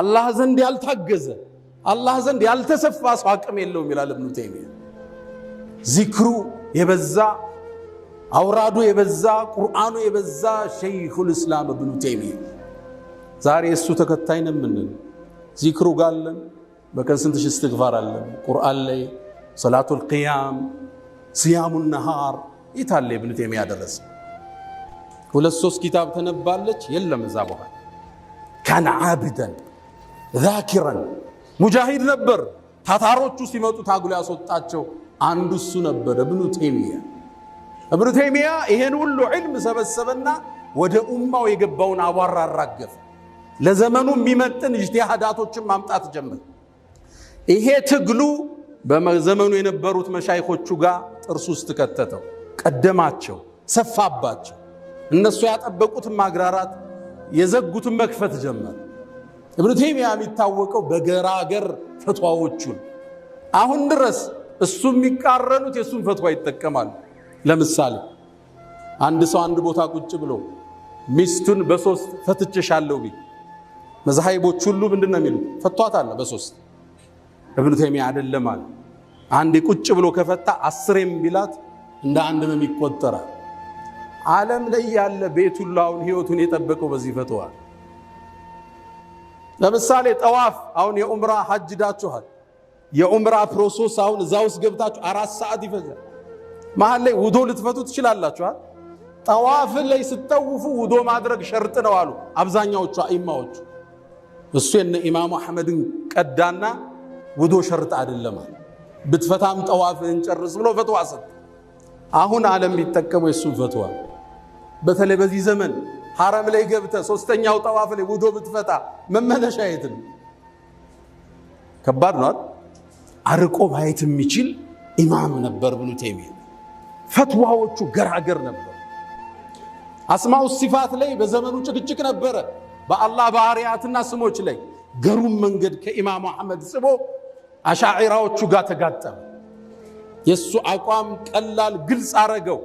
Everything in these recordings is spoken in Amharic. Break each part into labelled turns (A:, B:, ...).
A: አላህ ዘንድ ያልታገዘ አላህ ዘንድ ያልተሰፋ ሰው አቅም የለውም ይላል እብኑ ተይሚያ። ዚክሩ የበዛ አውራዱ የበዛ ቁርአኑ የበዛ ሸይኹል እስላም እብኑ ተይሚያ። ዛሬ እሱ ተከታይ ነው የምንል ዚክሩ ጋለን በቀን ስንት ሺህ እስትግፋር አለን? ቁርአን ላይ ሰላቱል ቂያም፣ ስያሙ ነሃር ይታለ እብኑ ተይሚያ ደረሰ። ሁለት ሶስት ኪታብ ተነባለች የለም እዛ በኋላ ካን አብደን? ዛኪረን ሙጃሂድ ነበር። ታታሮቹ ሲመጡ ታጉል ያስወጣቸው አንዱ እሱ ነበር። እብኑ ቴሚያ እብኑ ቴሚያ ይሄን ሁሉ ዕልም ሰበሰበና ወደ ኡማው የገባውን አቧራ አራገፈ። ለዘመኑ የሚመጥን ኢጅቲሃዳቶችን ማምጣት ጀመር። ይሄ ትግሉ በዘመኑ የነበሩት መሻይኮቹ ጋር ጥርስ ውስጥ ከተተው፣ ቀደማቸው፣ ሰፋባቸው። እነሱ ያጠበቁትን ማግራራት የዘጉትን መክፈት ጀመር። እብኑ ቴሚያ የሚታወቀው በገራገር ፈትዋዎቹን አሁን ድረስ እሱ የሚቃረኑት የእሱን ፈትዋ ይጠቀማሉ። ለምሳሌ አንድ ሰው አንድ ቦታ ቁጭ ብሎ ሚስቱን በሶስት ፈትቼሻለሁ ቢ መዛሃይቦች ሁሉ ምንድን ነው የሚሉት? ፈቷት አለ በሶስት እብኑ ቴሚያ አይደለም አለ። አንድ ቁጭ ብሎ ከፈታ አስሬም ቢላት እንደ አንድ ነው የሚቆጠራል። ዓለም ላይ ያለ ቤቱላውን ህይወቱን የጠበቀው በዚህ ፈትዋ ነው። ለምሳሌ ጠዋፍ አሁን የኡምራ ሐጅ ዳችኋል። የኡምራ ፕሮሰስ አሁን እዛ ውስጥ ገብታችሁ አራት ሰዓት ይፈጃል። መሀል ላይ ውዶ ልትፈቱ ትችላላችኋል። ጠዋፍ ላይ ስጠውፉ ውዶ ማድረግ ሸርጥ ነው አሉ አብዛኛዎቹ አኢማዎቹ። እሱ የነ ኢማሙ አሕመድን ቀዳና ውዶ ሸርጥ አይደለም ብትፈታም ጠዋፍህን ጨርስ ብሎ ፈትዋ ሰጥ። አሁን ዓለም የሚጠቀመው የሱን ፈትዋ በተለይ በዚህ ዘመን ሐረም ላይ ገብተ ሶስተኛው ጠዋፍ ላይ ውዶ ብትፈታ መመለሻ የት ነው? ከባድ ነው። አርቆ ማየት የሚችል ኢማም ነበር ብኑ ተይሚያ። ፈትዋዎቹ ገራገር ነበር። አስማው ሲፋት ላይ በዘመኑ ጭቅጭቅ ነበረ። በአላህ ባህሪያትና ስሞች ላይ ገሩም መንገድ ከኢማሙ አሕመድ ጽቦ አሻዒራዎቹ ጋር ተጋጠመ። የእሱ አቋም ቀላል ግልጽ አረገው።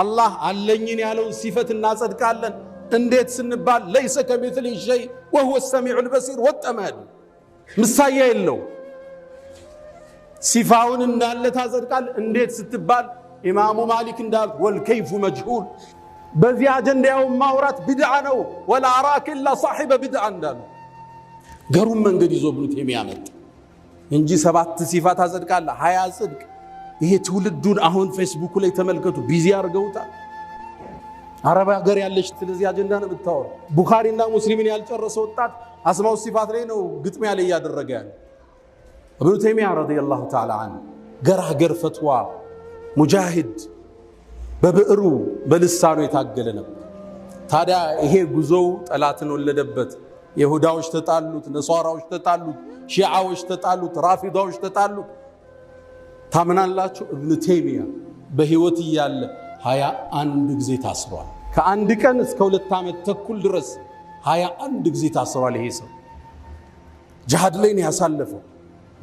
A: አላህ አለኝን ያለውን ሲፈት እናጸድቃለን እንዴት ስንባል ለይሰ ከሚትል ሸይ ወሁወ ሰሚዑ ልበሲር ወጠመዱ ምሳያ የለው ሲፋውን እንዳለ ታጸድቃል። እንዴት ስትባል ኢማሙ ማሊክ እንዳሉት ወልከይፉ መጅሁል በዚህ አጀንዳ ያውን ማውራት ቢድዓ ነው። ወላ አራክ ላ ሳሒበ ብድዓ እንዳሉ ገሩም መንገድ ይዞ ብሉት የሚያመጥ እንጂ ሰባት ሲፋ ታጸድቃለ ሀያ ጽድቅ ይሄ ትውልዱን አሁን ፌስቡኩ ላይ ተመልከቱ፣ ቢዚ አድርገውታል። አረብ ሀገር ያለች ስለዚህ አጀንዳ ነው የምታወር። እና ሙስሊምን ያልጨረሰ ወጣት አስማው ሲፋት ላይ ነው ግጥሚያ ላይ እያደረገ ያለ። እብኑ ተይሚያ ረዲየላሁ ተዓላ ገር ገራገር ፈትዋ ሙጃሂድ በብዕሩ በልሳኑ የታገለ ነበር። ታዲያ ይሄ ጉዞው ጠላትን ወለደበት። የሁዳዎች ተጣሉት፣ ነሷራዎች ተጣሉት፣ ሺዓዎች ተጣሉት፣ ራፊዳዎች ተጣሉት። ታምናላችሁ? እብኑ ተይሚያ በህይወት እያለ ሀያ አንድ ጊዜ ታስሯል። ከአንድ ቀን እስከ ሁለት ዓመት ተኩል ድረስ ሀያ አንድ ጊዜ ታስሯል። ይሄ ሰው ጅሃድ ላይ ነው ያሳለፈው።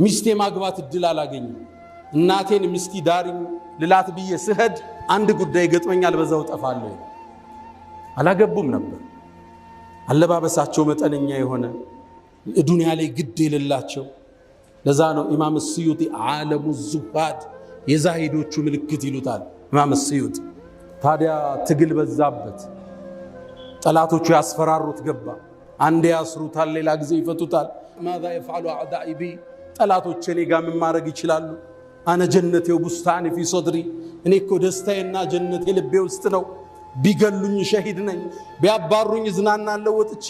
A: ሚስቴ ማግባት እድል አላገኝም። እናቴን ሚስቲ ዳሪኝ ልላት ብዬ ስሄድ አንድ ጉዳይ ገጥመኛል፣ በዛው ጠፋለሁ። አላገቡም ነበር። አለባበሳቸው መጠነኛ የሆነ ዱንያ ላይ ግድ የሌላቸው ለዛ ነው ኢማም ስዩጢ ዓለሙ ዙሃድ የዛሂዶቹ ምልክት ይሉታል። ኢማም ስዩጥ ታዲያ ትግል በዛበት። ጠላቶቹ ያስፈራሩት ገባ። አንዴ ያስሩታል፣ ሌላ ጊዜ ይፈቱታል። ማዛ የፍዓሉ አዕዳኢ ቢ ጠላቶቼ እኔ ጋ ምን ማድረግ ይችላሉ? አነ ጀነቴ ቡስታኒ ፊ ሶድሪ እኔ እኮ ደስታዬና ጀነቴ ልቤ ውስጥ ነው። ቢገሉኝ ሸሂድ ነኝ፣ ቢያባሩኝ እዝናናለሁ ወጥቼ፣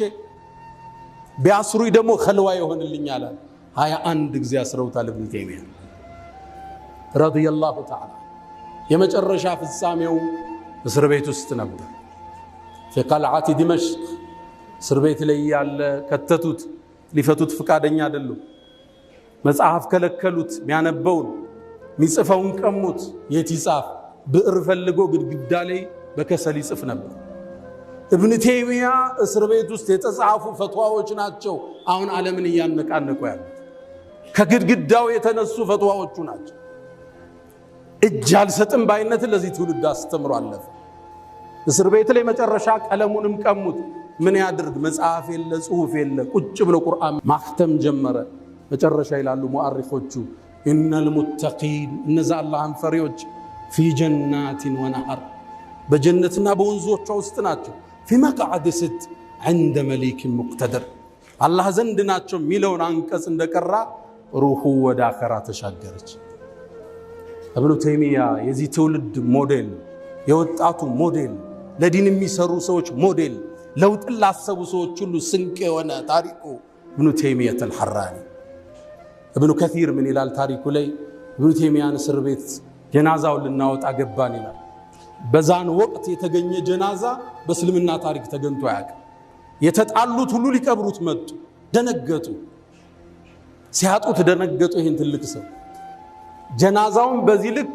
A: ቢያስሩኝ ደግሞ ኸልዋ ይሆንልኝ አላል። ሀያ አንድ ጊዜ አስረውታል። እብን ተይሚያ ረዲየላሁ ተዓላ የመጨረሻ ፍጻሜው እስር ቤት ውስጥ ነበር። ፊቀልዓቲ ዲመሽቅ እስር ቤት ላይ ያለ ከተቱት። ሊፈቱት ፍቃደኛ አይደሉም። መጽሐፍ ከለከሉት። ሚያነበውን ሚጽፈውን ቀሙት። የት ይጻፍ? ብዕር ፈልጎ ግድግዳ ላይ በከሰል ይጽፍ ነበር። እብን ቴሚያ እስር ቤት ውስጥ የተጻፉ ፈትዋዎች ናቸው አሁን ዓለምን እያነቃነቁ ያሉት። ከግድግዳው የተነሱ ፈትዋዎቹ ናቸው። እጅ አልሰጥም ባይነትን ለዚህ ትውልድ አስተምሮ አለፈ። እስር ቤት ላይ መጨረሻ ቀለሙንም ቀሙት። ምን ያድርግ? መጽሐፍ የለ፣ ጽሁፍ የለ። ቁጭ ብሎ ቁርአን ማክተም ጀመረ። መጨረሻ ይላሉ ሙአሪኮቹ ኢነል ሙተቂን እነዛ አላህን ፈሪዎች ፊ ጀናቲን ወነሐር በጀነትና በወንዞቿ ውስጥ ናቸው። ፊ መቅዓድ ስት ዐንደ መሊክን ሙቅተደር አላህ ዘንድ ናቸው የሚለውን አንቀጽ እንደቀራ ሩሑ ወደ አኸራ ተሻገረች። እብኑ ተይሚያ የዚህ ትውልድ ሞዴል፣ የወጣቱ ሞዴል፣ ለዲን የሚሰሩ ሰዎች ሞዴል፣ ለውጥን ላሰቡ ሰዎች ሁሉ ስንቅ የሆነ ታሪኩ እብኑ ተይሚያት አልሐራኒ። እብኑ ከቲር ምን ይላል ታሪኩ ላይ እብኑ ተይሚያን እስር ቤት ጀናዛውን ልናወጣ ገባን ይላል። በዛን ወቅት የተገኘ ጀናዛ በእስልምና ታሪክ ተገኝቶ አያውቅም። የተጣሉት ሁሉ ሊቀብሩት መጡ። ደነገጡ፣ ሲያጡት ደነገጡ። ይህን ትልቅ ሰው ጀናዛውን በዚህ ልክ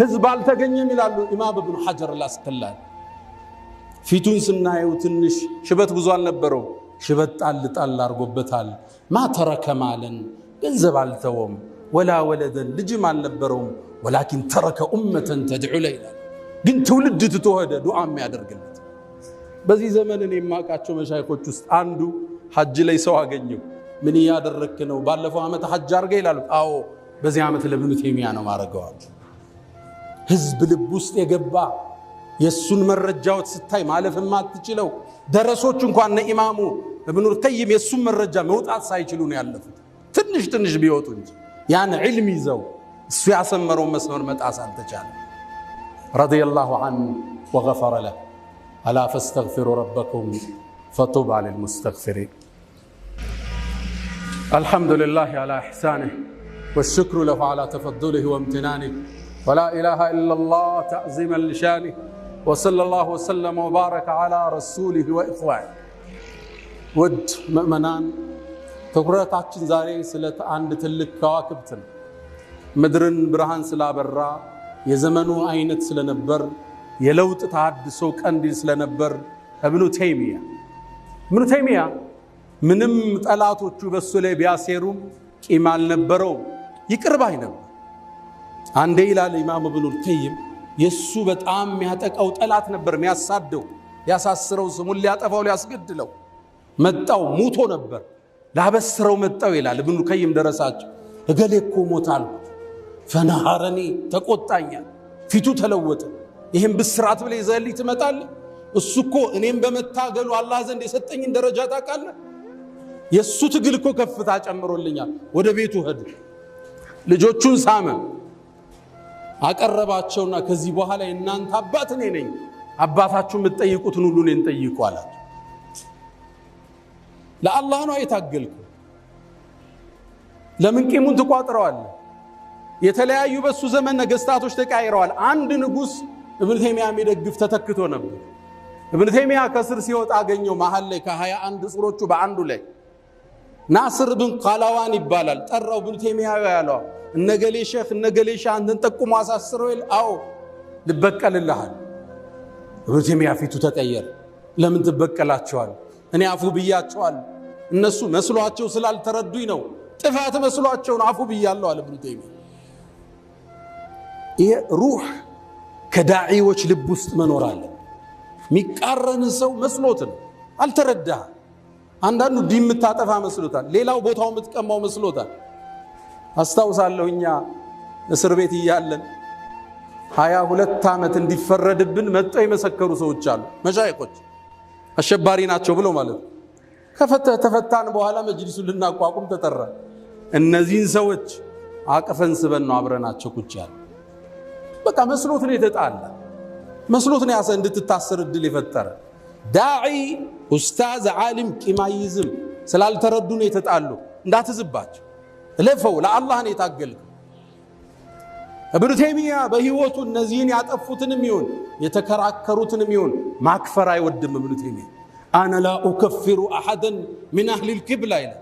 A: ህዝብ አልተገኘም ይላሉ ኢማም ብኑ ሐጀር አስቀላኒ። ፊቱን ስናየው ትንሽ ሽበት ብዙ አልነበረው። ሽበት ጣል ጣል አድርጎበታል። ማተረከ ማለን ገንዘብ አልተወም፣ ወላ ወለደን ልጅም አልነበረውም። ወላኪን ተረከ ኡመተን ተድዑ ይላል። ግን ትውልድ ትትወደ ዱዓ የሚያደርግለት በዚህ ዘመን እኔ የማውቃቸው መሻይኮች ውስጥ አንዱ ሐጅ ላይ ሰው አገኘው። ምን እያደረክ ነው? ባለፈው ዓመት ሐጅ አድርገ ይላሉ። አዎ በዚህ ዓመት ለብኑ ቴሚያ ነው ማድረገዋል። ህዝብ ልብ ውስጥ የገባ የእሱን መረጃዎች ስታይ ማለፍ የማትችለው ደረሶች እንኳን እነ ኢማሙ እብኑ ተይም የእሱን መረጃ መውጣት ሳይችሉ ነው ያለፉት። ትንሽ ትንሽ ቢወጡ እንጂ ያን ዕልም ይዘው እሱ ያሰመረውን መስመር መጣስ አልተቻለ። ረዲየላሁ አንሁ ወገፈረ ለህ አላ ፈስተግፊሩ ረበኩም ፈጡባ ልልሙስተግፊሪን። አልሐምዱሊላህ አላ ኢሕሳንህ والشكر له على تفضله وامتنانه ولا إله إلا الله تعظيما لشانه وصلى الله وسلم وبارك على رسوله وإخوانه ود مؤمنان تقرأت عشان زاري سلت عند تلك كواكبتن مدرن برهان سلا برا يزمنو عينت سلا نبر يلو تتعد سوك عندي سلا نبر ابنو تيمية ابنو تيمية منم تقلعتو تشوف السلي بياسيرو كيمال نبرو ይቅር ባይ ነበር። አንዴ ይላል ኢማም ብኑል ቀይም የእሱ በጣም የሚያጠቃው ጠላት ነበር፣ የሚያሳደው፣ ሊያሳስረው፣ ስሙን ሊያጠፋው፣ ሊያስገድለው መጣው። ሙቶ ነበር ላበስረው መጣው ይላል ብኑል ቀይም ደረሳቸው። እገሌ እኮ ሞታል አልኩት፣ ፈነሃረኒ ተቆጣኛል፣ ፊቱ ተለወጠ። ይህም ብስራት ብለ ይዘህልኝ ትመጣለህ? እሱ እኮ እኔም በመታገሉ አላህ ዘንድ የሰጠኝን ደረጃ ታውቃለህ። የእሱ ትግል እኮ ከፍታ ጨምሮልኛል። ወደ ቤቱ ሄዱ። ልጆቹን ሳመ፣ አቀረባቸውና ከዚህ በኋላ የእናንተ አባት እኔ ነኝ፣ አባታችሁ የምትጠይቁትን ሁሉ እኔን ጠይቁ አላቸው። ለአላህ ነው የታገልኩ። ለምን ቂሙን ትቋጥረዋል? የተለያዩ በሱ ዘመን ነገስታቶች ተቃይረዋል። አንድ ንጉስ እብን ቴሚያ የሚደግፍ ተተክቶ ነበር። እብን ቴሚያ ከስር ሲወጣ አገኘው መሃል ላይ ከሀያ አንድ ጽሮቹ በአንዱ ላይ ናስር ብን ካላዋን ይባላል። ጠራው ብኑ ቴሚያዊ ያለው እነገሌ ሼክ እነገሌ ሻህ አንተን ጠቁሞ አሳስረው ይል አዎ ልበቀልልሃል። ብኑ ቴሚያ ፊቱ ተቀየር ለምን ትበቀላቸዋል? እኔ አፉ ብያቸዋል። እነሱ መስሏቸው ስላልተረዱኝ ነው። ጥፋት መስሏቸው ነው አፉ ብያለሁ አለ ብኑ ቴሚያ። ይሄ ሩህ ከዳዒዎች ልብ ውስጥ መኖር አለ። የሚቃረን ሰው መስሎት ነው አልተረዳህ አንዳንዱ ዲ የምታጠፋ መስሎታል፣ ሌላው ቦታው የምትቀማው መስሎታል። አስታውሳለሁ እኛ እስር ቤት እያለን ሀያ ሁለት ዓመት እንዲፈረድብን መጠው የመሰከሩ ሰዎች አሉ። መሻይቆች አሸባሪ ናቸው ብሎ ማለት ነው። ተፈታን በኋላ መጅሊሱን ልናቋቁም ተጠራ። እነዚህን ሰዎች አቅፈን ስበን ነው አብረናቸው ቁጭ ያለ። በቃ መስሎት ነው የተጣላ መስሎት ነው ያሰ እንድትታሰር እድል የፈጠረ ዳዒ ኡስታዝ ዓሊም ቂማይዝም ስላልተረዱ ነው የተጣሉ። እንዳትዝባቸው፣ እለፈው። ለአላህ ነው የታገልከው። እብኑ ተይሚያ በህይወቱ እነዚህን ያጠፉትንም ይሁን የተከራከሩትንም ይሁን ማክፈር አይወድም። እብኑ ተይሚያ አነ ላ ኡከፊሩ አሐደን ሚን አህሊል ቂብላ ይላል።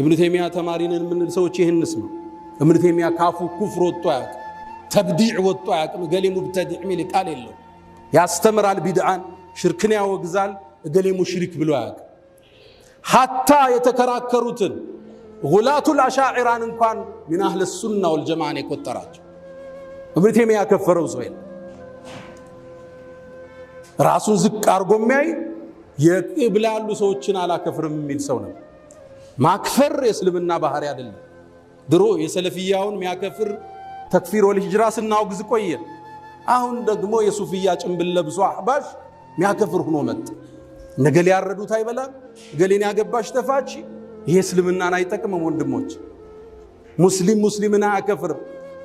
A: እብኑ ተይሚያ ተማሪንን የምንል ሰዎች ይህንስ ነው። እብኑ ተይሚያ ካፉ ኩፍር ወጥቶ አያውቅም። ተብዲዕ ወጥቶ አያውቅም። ገሌ ሙብተዲዕ ሚል ቃል የለው። ያስተምራል፣ ቢድዓን ሽርክን ያወግዛል። እገሌ ሙሽሪክ ብሎ አያውቅ። ሀታ የተከራከሩትን ጉላቱል አሻዒራን እንኳን ሚን አህል ሱና ወልጀማዓን የቆጠራቸው እብን ተይሚያ ያከፈረው ሰው የለም። ራሱን ዝቅ አርጎ የሚያይ የቅብላ ያሉ ሰዎችን አላከፍርም የሚል ሰው ነው። ማክፈር የእስልምና ባህሪ አይደለም። ድሮ የሰለፊያውን ሚያከፍር ተክፊር ወልሂጅራ ስናወግዝ ቆየን። አሁን ደግሞ የሱፍያ ጭንብል ለብሶ አህባሽ ሚያከፍር ሆኖ መጣ። ነገሌ ያረዱት አይበላም፣ ገሌን ያገባሽ ተፋች። ይሄ እስልምናን አይጠቅምም ወንድሞች። ሙስሊም ሙስሊምን አያከፍርም።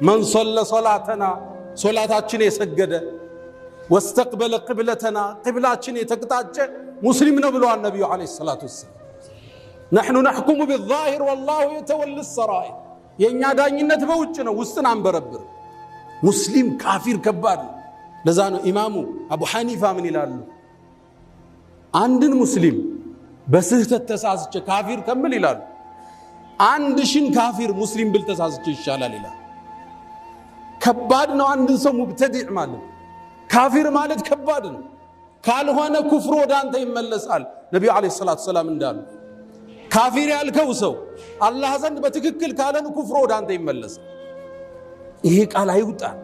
A: መንሶለ ሶላተና ሶላታችን የሰገደ ወስተቅበለ ቅብለተና ቅብላችን የተቅጣጨ ሙስሊም ነው ብለዋል ነቢዩ ዓለይሂ ሰላቱ ወሰላም። ነሕኑ ነሕኩሙ ቢዛሂር ወላሁ የተወል ሰራይ። የእኛ ዳኝነት በውጭ ነው፣ ውስጥን አንበረብር። ሙስሊም ካፊር ከባድ ነው። ለዛ ነው ኢማሙ አቡ ሐኒፋ ምን ይላሉ? አንድን ሙስሊም በስህተት ተሳስቼ ካፊር ከምል ይላሉ፣ አንድ ሽን ካፊር ሙስሊም ብል ተሳስቼ ይሻላል ይላል። ከባድ ነው አንድን ሰው ሙብተዲዕ ማለት ካፊር ማለት ከባድ ነው። ካልሆነ ኩፍሮ ወደ አንተ ይመለሳል። ነቢዩ ዓለይሂ ሰላቱ ሰላም እንዳሉ ካፊር ያልከው ሰው አላህ ዘንድ በትክክል ካለን ኩፍሮ ወደ አንተ ይመለሳል። ይሄ ቃል አይውጣል።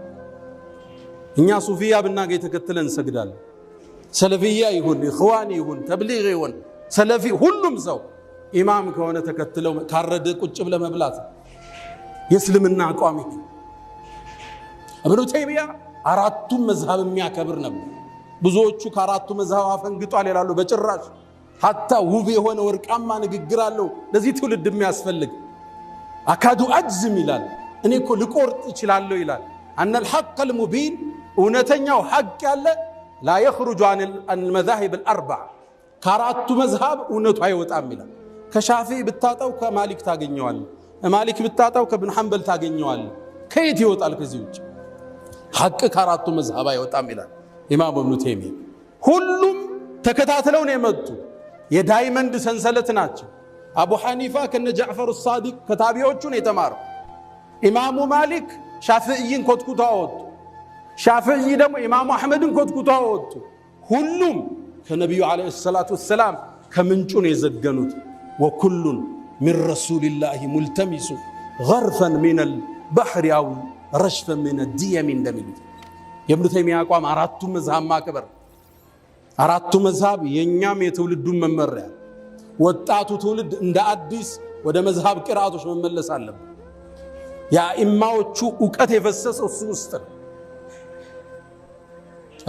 A: እኛ ሱፊያ ብናገኝ ተከትለን እንሰግዳለን። ሰለፊያ ይሁን ኢኽዋን ይሁን ተብሊግ ይሁን ሰለፊ ሁሉም ሰው ኢማም ከሆነ ተከትለው ካረደ ቁጭ ብለ መብላት የእስልምና አቋም ይሄ። እብኑ ተይሚያ አራቱም መዝሃብ የሚያከብር ነበር። ብዙዎቹ ከአራቱ መዝሃብ አፈንግጧል ይላሉ። በጭራሽ ሀታ ውብ የሆነ ወርቃማ ንግግር አለው ለዚህ ትውልድ የሚያስፈልግ አካዱ አጅዝም ይላል። እኔ እኮ ልቆርጥ እችላለሁ ይላል። አነል ሐቅ አልሙቢን እውነተኛው ሐቅ ያለ ላ የኽሩጁ አን ልመዛሂብ አልአርባዕ ከአራቱ መዝሃብ እውነቱ አይወጣም ይላል። ከሻፊ ብታጣው ከማሊክ ታገኘዋል። ማሊክ ብታጣው ከብን ሐንበል ታገኘዋል። ከየት ይወጣል? ከዚህ ውጭ ሐቅ ከአራቱ መዝሃብ አይወጣም ይላል ኢማም እብኑ ተይሚያ። ሁሉም ተከታትለው ነው የመጡ የዳይመንድ ሰንሰለት ናቸው። አቡ ሐኒፋ ከነ ጃዕፈር ሳዲቅ ከታቢዎቹ ነው የተማረው። ኢማሙ ማሊክ ሻፍዕይን ኮትኩታ ወጡ። ሻፍዒ ደግሞ ኢማሙ አሕመድን ኮትኩቶ ወጡ። ሁሉም ከነቢዩ ዓለይሂ ሰላቱ ወሰላም ከምንጩ ነው የዘገኑት። ወኩሉን ሚን ረሱልላሂ ሙልተሚሱ ገርፈን ሚነል ባህሪ አው ረሽፈን ሚነ ዲየሚ እንደሚሉት የእብኑ ተይሚያ አቋም አራቱ መዝሃብ ማክበር፣ አራቱ መዝሃብ የእኛም የትውልዱን መመሪያ። ወጣቱ ትውልድ እንደ አዲስ ወደ መዝሃብ ቅርአቶች መመለስ አለበት። የአኢማዎቹ እውቀት የፈሰሰው እሱ ውስጥ ነው።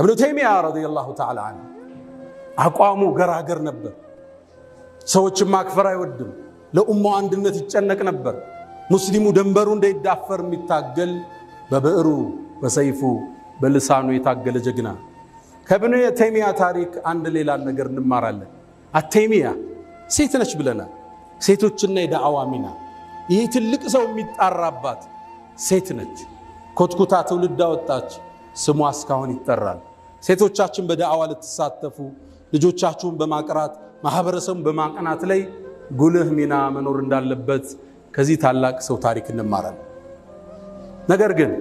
A: እብኑ ተይሚያ ረዲየላሁ ተዓላ አንሁ አቋሙ ገራገር ነበር። ሰዎችን ማክፈር አይወድም። ለኡማው አንድነት ይጨነቅ ነበር። ሙስሊሙ ደንበሩ እንዳይዳፈር የሚታገል በብዕሩ በሰይፉ በልሳኑ የታገለ ጀግና። ከእብኑ ተይሚያ ታሪክ አንድ ሌላ ነገር እንማራለን። አተይሚያ ሴት ነች ብለናል። ሴቶችና የዳዕዋ ሚና ይህ ትልቅ ሰው የሚጣራባት ሴት ነች። ኮትኩታ ትውልድ አወጣች። ስሟ እስካሁን ይጠራል። ሴቶቻችን በዳዕዋ ልትሳተፉ ልጆቻችሁን በማቅራት ማህበረሰቡን በማቀናት ላይ ጉልህ ሚና መኖር እንዳለበት ከዚህ ታላቅ ሰው ታሪክ እንማራለን። ነገር ግን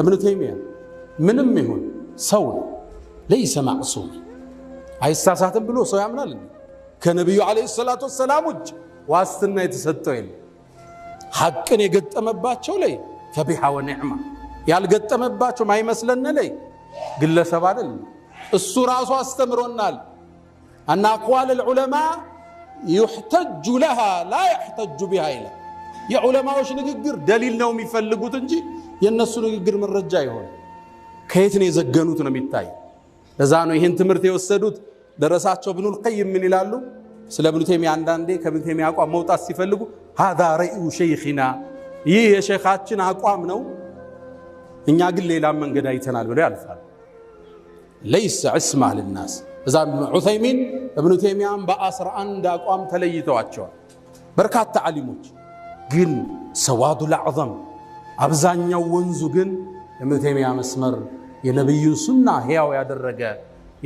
A: እብኑ ተይሚያ ምንም ይሁን ሰው ነው፣ ለይሰ ማዕሱም አይሳሳትም ብሎ ሰው ያምናል። ከነቢዩ ዓለይሂ ሰላቱ ወሰላም ውጭ ዋስትና የተሰጠው የለም። ሐቅን የገጠመባቸው ላይ ፈቢሃ ወኒዕማ ያልገጠመባቸው ማይመስለን ላይ ግለሰብ አይደል። እሱ ራሱ አስተምሮናል እና አቅዋል ልዑለማ ዩሕተጁ ለሃ ላ ያሕተጁ ቢሃ ይለ የዑለማዎች ንግግር ደሊል ነው የሚፈልጉት እንጂ የእነሱ ንግግር መረጃ ይሆን ከየት ነው የዘገኑት ነው የሚታይ። ለዛ ነው ይህን ትምህርት የወሰዱት ደረሳቸው ኢብኑል ቀይም ምን ይላሉ? ስለ ብኑ ተይሚያ አንዳንዴ ከብኑ ተይሚያ አቋም መውጣት ሲፈልጉ ሃዛ ረእዩ ሸይኽና ይህ የሸኻችን አቋም ነው፣ እኛ ግን ሌላ መንገድ አይተናል ብለው ያልፋል። ለይሰ ዕስማ ልናስ እዛ ዑሰይሚን እብኑ ቴሚያን በአስራ አንድ አቋም ተለይተዋቸዋል። በርካታ ዓሊሞች ግን ሰዋዱ ልአዕዘም አብዛኛው ወንዙ ግን የእብኑ ቴሚያ መስመር የነቢዩን ሱና ሕያው ያደረገ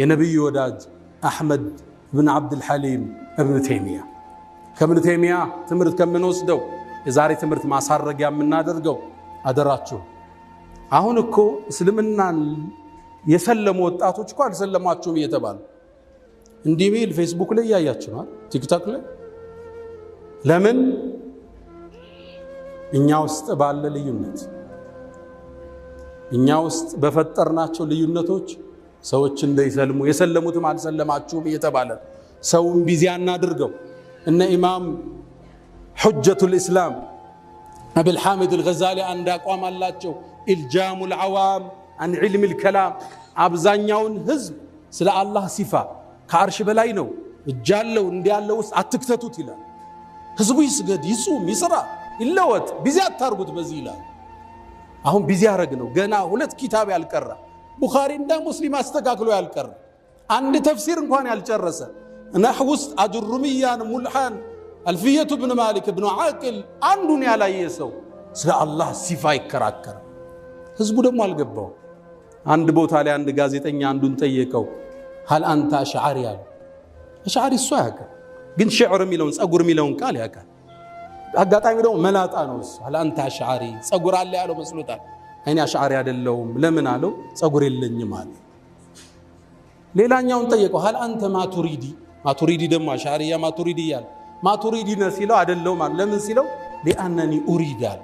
A: የነቢዩ ወዳጅ አሕመድ እብን ዓብድልሐሊም እብኑ ቴሚያ ከእብኑ ቴሚያ ትምህርት ከምንወስደው የዛሬ ትምህርት ማሳረጊያ የምናደርገው አደራችሁ አሁን እኮ እስልምናን የሰለሙ ወጣቶች እኮ አልሰለማችሁም እየተባሉ እንዲህ ሚል ፌስቡክ ላይ እያያችኋል፣ ቲክቶክ ላይ ለምን እኛ ውስጥ ባለ ልዩነት እኛ ውስጥ በፈጠርናቸው ልዩነቶች ሰዎች እንዳይሰልሙ የሰለሙትም አልሰለማችሁም እየተባለ ሰውን ቢዚ አናድርገው። እነ ኢማም ሑጀቱ ኢስላም አብልሓሚድ ልገዛሊ አንድ አቋም አላቸው። ኢልጃሙል ዐዋም አን ዒልሚል ከላም አብዛኛውን ህዝብ ስለ አላህ ሲፋ ከአርሽ በላይ ነው እጃለው እንዲያለው ውስጥ አትክተቱት ይላል። ህዝቡ ይስገድ፣ ይጹም፣ ይስራ፣ ይለወጥ፣ ቢዚ አታርጉት በዚህ ይላል። አሁን ቢዚ ያረግ ነው። ገና ሁለት ኪታብ ያልቀራ ቡኻሪ እና ሙስሊም አስተካክሎ ያልቀራ አንድ ተፍሲር እንኳን ያልጨረሰ ነህ ውስጥ አጅሩምያን፣ ሙልሓን፣ አልፍየቱ ብን ማሊክ ብን ዓቅል አንዱን ያላየ ሰው ስለ አላህ ሲፋ ይከራከራል። ህዝቡ ደግሞ አልገባው። አንድ ቦታ ላይ አንድ ጋዜጠኛ አንዱን ጠየቀው፣ ሀል አንተ አሽዓሪ አሉ። አሽዓሪ እሱ አያውቅም፣ ግን ሽዕር የሚለውን ጸጉር የሚለውን ቃል ያውቃል። አጋጣሚ ደግሞ መላጣ ነው እሱ። ሀል አንተ አሽዓሪ ጸጉር አለ ያለው መስሎታል። እኔ አሽዓሪ አይደለሁም። ለምን አለው? ጸጉር የለኝም አለ። ሌላኛውን ጠየቀው፣ ሀል አንተ ማቱሪዲ። ማቱሪዲ ደግሞ አሽዓሪያ ማቱሪዲ እያለ ማቱሪዲ ነህ ሲለው አይደለሁም አለ። ለምን ሲለው ሊአነኒ ኡሪድ አለ።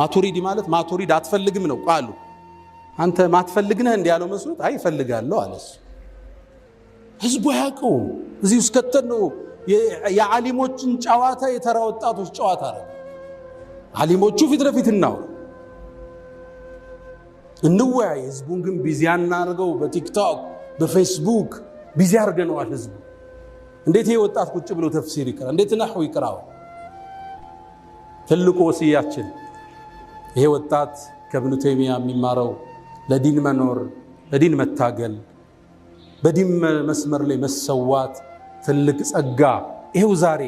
A: ማቱሪዲ ማለት ማቱሪድ አትፈልግም ነው ቃሉ አንተ ማትፈልግ ነህ እንዲ ያለው መስሎት አይ እፈልጋለሁ አለ እሱ። ህዝቡ አያውቀውም። እዚህ ውስጥ ከተን ነው የዓሊሞችን ጨዋታ የተራ ወጣቶች ጨዋታ ነው። ዓሊሞቹ ፊት ለፊት እናው እንወያይ። ህዝቡን ግን ቢዚ አናርገው። በቲክቶክ በፌስቡክ ቢዚ አርገነዋል ህዝቡ። እንዴት ይሄ ወጣት ቁጭ ብሎ ተፍሲር ይቅራ? እንዴት ነህው ይቅራው? ትልቁ ወስያችን ይሄ ወጣት ከብኑ ተይሚያ የሚማረው ለዲን መኖር፣ ለዲን መታገል፣ በዲን መስመር ላይ መሰዋት ትልቅ ጸጋ። ይሄው ዛሬ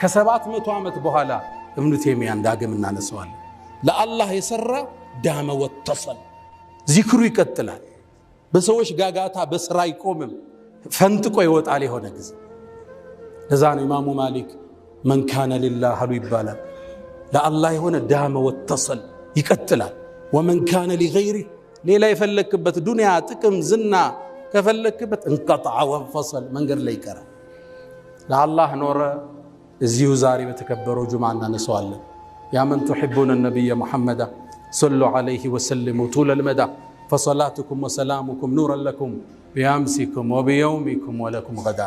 A: ከሰባት መቶ ዓመት በኋላ እብኑ ቴሚያ እንዳገም እናነሰዋለን። ለአላህ የሰራ ዳመ ወተሰል ዚክሩ ይቀጥላል። በሰዎች ጋጋታ በስራ አይቆምም፣ ፈንጥቆ ይወጣል የሆነ ጊዜ። ለዛ ነው ኢማሙ ማሊክ መንካነ ሊላህ አሉ ይባላል። ለአላህ የሆነ ዳመ ወተሰል ይቀጥላል። ወመንካነ ሊገይሪህ ሌላ የፈለክበት ዱንያ ጥቅም ዝና ከፈለክበት እንቀጣ ወንፈሰል መንገድ ላይ ይቀረ ለአላህ ኖረ። እዚሁ ዛሬ በተከበረው ጁማ እናነሰዋለን። ያመን ቱሕቡን ነቢየ ሙሐመዳ ሰሉ ዓለይህ ወሰልሙ ቱለ ልመዳ ፈሰላትኩም ወሰላሙኩም ኑረን ለኩም ብያምሲኩም ወብየውሚኩም ወለኩም ገዳ